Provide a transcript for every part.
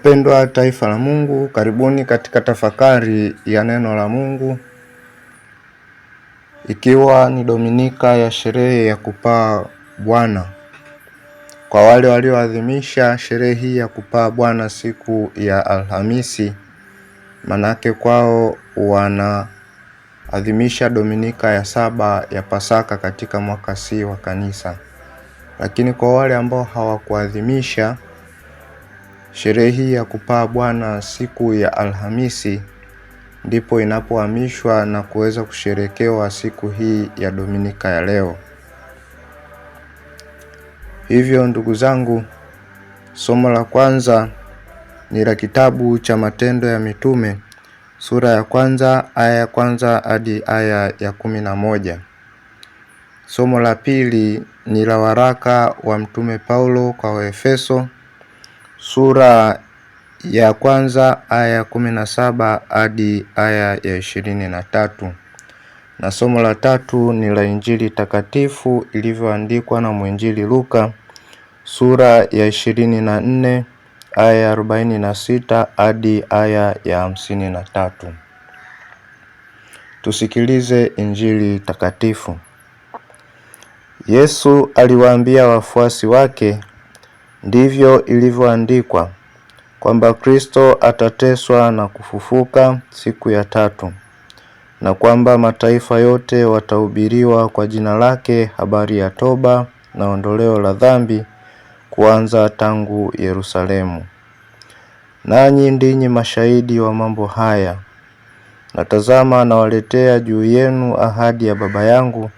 Wapendwa taifa la Mungu, karibuni katika tafakari ya neno la Mungu, ikiwa ni Dominika ya sherehe ya kupaa Bwana. Kwa wale walioadhimisha sherehe hii ya kupaa Bwana siku ya Alhamisi, manake kwao wanaadhimisha Dominika ya saba ya Pasaka katika mwaka si wa Kanisa, lakini kwa wale ambao hawakuadhimisha Sherehe hii ya kupaa bwana siku ya Alhamisi ndipo inapohamishwa na kuweza kusherekewa siku hii ya Dominika ya leo. Hivyo ndugu zangu, somo la kwanza ni la kitabu cha Matendo ya Mitume sura ya kwanza aya ya kwanza hadi aya ya kumi na moja. Somo la pili ni la waraka wa Mtume Paulo kwa Waefeso sura ya kwanza aya kumi na saba hadi aya ya ishirini na tatu na somo la tatu ni la Injili takatifu ilivyoandikwa na mwinjili Luka sura ya ishirini na nne aya ya arobaini na sita hadi aya ya hamsini na tatu. Tusikilize Injili takatifu. Yesu aliwaambia wafuasi wake, ndivyo ilivyoandikwa kwamba Kristo atateswa na kufufuka siku ya tatu, na kwamba mataifa yote watahubiriwa kwa jina lake habari ya toba na ondoleo la dhambi, kuanza tangu Yerusalemu. Nanyi ndinyi mashahidi wa mambo haya. Na tazama, nawaletea juu yenu ahadi ya Baba yangu,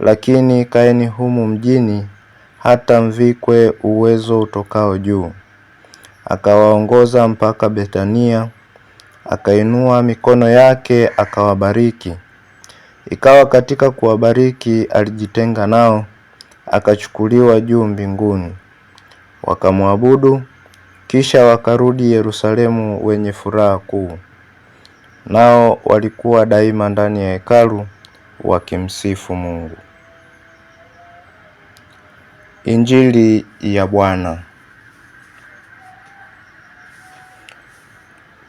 lakini kaeni humu mjini hata mvikwe uwezo utokao juu. Akawaongoza mpaka Bethania, akainua mikono yake akawabariki. Ikawa katika kuwabariki alijitenga nao, akachukuliwa juu mbinguni. Wakamwabudu, kisha wakarudi Yerusalemu wenye furaha kuu. Nao walikuwa daima ndani ya hekalu wakimsifu Mungu. Injili ya Bwana.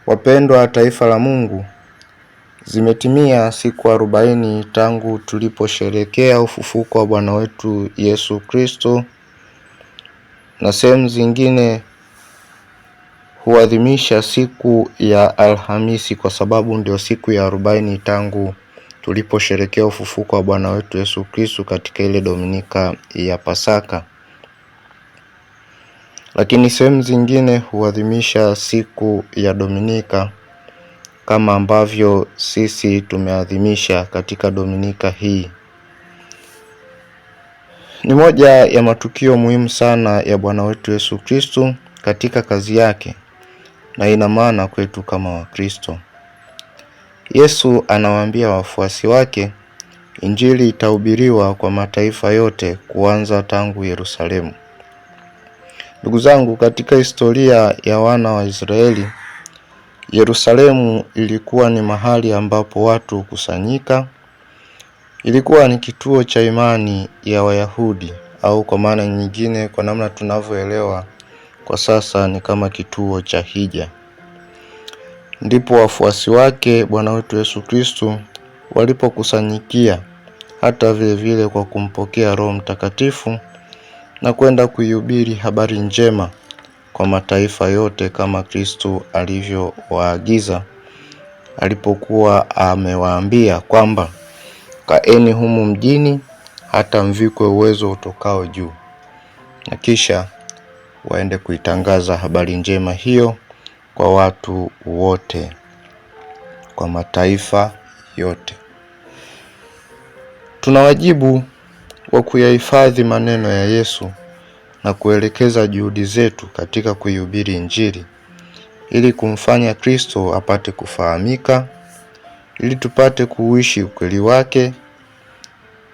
Wapendwa taifa la Mungu, zimetimia siku arobaini tangu tuliposherekea ufufuko wa Bwana wetu Yesu Kristo, na sehemu zingine huadhimisha siku ya Alhamisi kwa sababu ndio siku ya arobaini tangu tuliposherekea ufufuko wa Bwana wetu Yesu Kristo katika ile Dominika ya Pasaka. Lakini sehemu zingine huadhimisha siku ya Dominika kama ambavyo sisi tumeadhimisha katika Dominika hii. Ni moja ya matukio muhimu sana ya Bwana wetu Yesu Kristo katika kazi yake na ina maana kwetu kama Wakristo. Yesu anawaambia wafuasi wake Injili itahubiriwa kwa mataifa yote kuanza tangu Yerusalemu. Ndugu zangu, katika historia ya wana wa Israeli, Yerusalemu ilikuwa ni mahali ambapo watu hukusanyika. Ilikuwa ni kituo cha imani ya Wayahudi au kwa maana nyingine, kwa namna tunavyoelewa kwa sasa, ni kama kituo cha hija. Ndipo wafuasi wake Bwana wetu Yesu Kristo walipokusanyikia hata vile vile kwa kumpokea Roho Mtakatifu na kwenda kuihubiri habari njema kwa mataifa yote kama Kristo alivyowaagiza alipokuwa amewaambia kwamba kaeni humu mjini hata mvikwe uwezo utokao juu, na kisha waende kuitangaza habari njema hiyo kwa watu wote, kwa mataifa yote. Tuna wajibu wa kuyahifadhi maneno ya Yesu na kuelekeza juhudi zetu katika kuihubiri Injili ili kumfanya Kristo apate kufahamika, ili tupate kuishi ukweli wake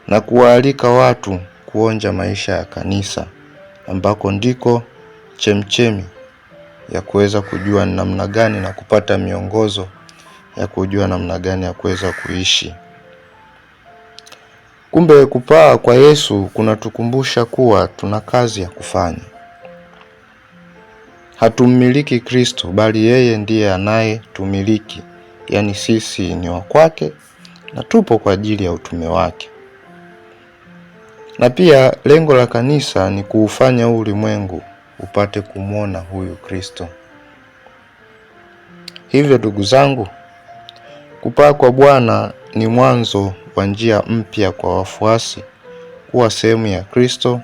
na kuwaalika watu kuonja maisha ya kanisa ambako ndiko chemchemi ya kuweza kujua namna gani na kupata miongozo ya kujua namna gani ya kuweza kuishi. Kumbe kupaa kwa Yesu kunatukumbusha kuwa tuna kazi ya kufanya. Hatummiliki Kristo bali yeye ndiye anayetumiliki, yaani sisi ni wa kwake na tupo kwa ajili ya utume wake. Na pia lengo la kanisa ni kuufanya ulimwengu upate kumwona huyu Kristo. Hivyo ndugu zangu, kupaa kwa Bwana ni mwanzo wa njia mpya kwa wafuasi kuwa sehemu ya Kristo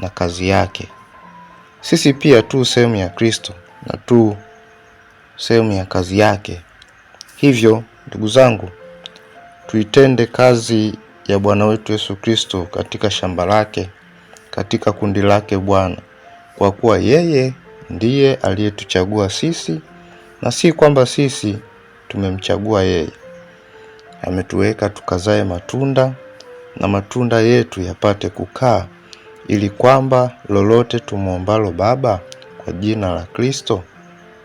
na kazi yake. Sisi pia tu sehemu ya Kristo na tu sehemu ya kazi yake. Hivyo ndugu zangu, tuitende kazi ya Bwana wetu Yesu Kristo katika shamba lake, katika kundi lake Bwana kwa kuwa yeye ndiye aliyetuchagua sisi na si kwamba sisi tumemchagua yeye. Ametuweka tukazae matunda na matunda yetu yapate kukaa, ili kwamba lolote tumwombalo Baba kwa jina la Kristo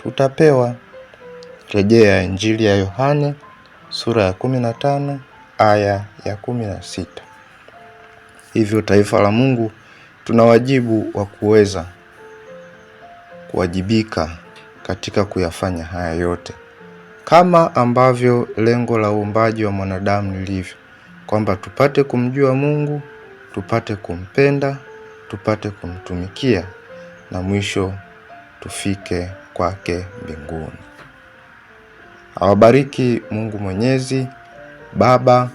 tutapewa. Rejea Injili ya Yohane sura ya 15 aya ya 16. Hivyo taifa la Mungu tuna wajibu wa kuweza kuwajibika katika kuyafanya haya yote, kama ambavyo lengo la uumbaji wa mwanadamu lilivyo, kwamba tupate kumjua Mungu, tupate kumpenda, tupate kumtumikia na mwisho tufike kwake mbinguni. Awabariki Mungu Mwenyezi, Baba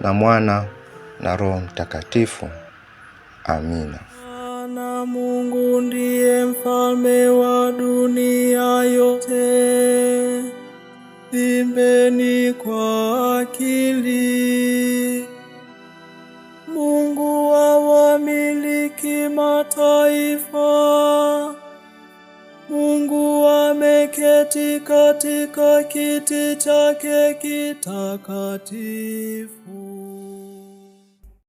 na Mwana na Roho Mtakatifu. Amina. Mungu ndiye mfalme wa dunia yote. Imbeni kwa akili. Mungu wamiliki mataifa. Mungu ameketi katika kiti chake kitakatifu.